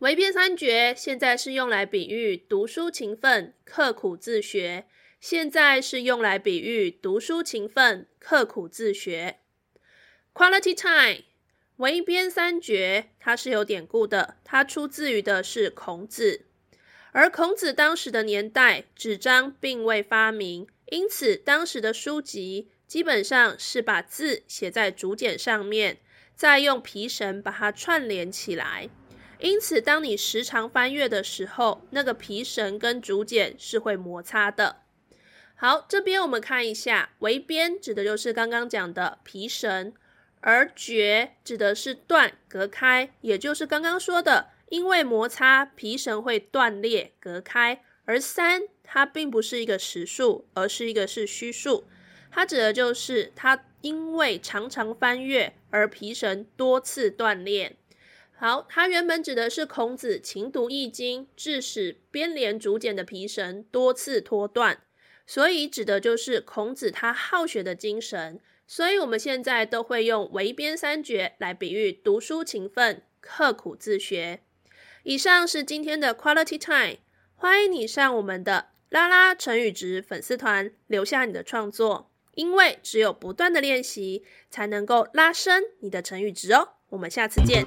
韋編三絕現在是用來比喻讀書勤奮、刻苦自學。現在是用來比喻讀書勤奮、刻苦自學。Quality time，韋編三絕它是有典故的，它出自於的是孔子。而孔子當時的年代，紙張並未發明，因此當時的書籍基本上是把字寫在竹簡上面，再用皮繩把它串聯起來。因此，當你時常翻閱的時候，那個皮繩跟竹簡是會摩擦的。好，這邊我們看一下，韋編指的就是剛剛講的皮繩，而絕指的是斷隔開，也就是剛剛說的，因為摩擦皮繩會斷裂隔開。而三它並不是一個實數，而是一個是虛數，它指的就是它因為常常翻閱而皮繩多次斷裂。好，它原本指的是孔子勤讀易經，致使編連竹簡的皮繩多次脫斷，所以指的就是孔子他好學的精神。所以我們現在都會用韋編三絕來比喻讀書勤奮、刻苦自學。以上是今天的 Quality Time，歡迎你上我們的拉拉成語質粉絲團留下你的創作，因為只有不斷的練習，才能夠拉升你的成語質哦。我們下次見。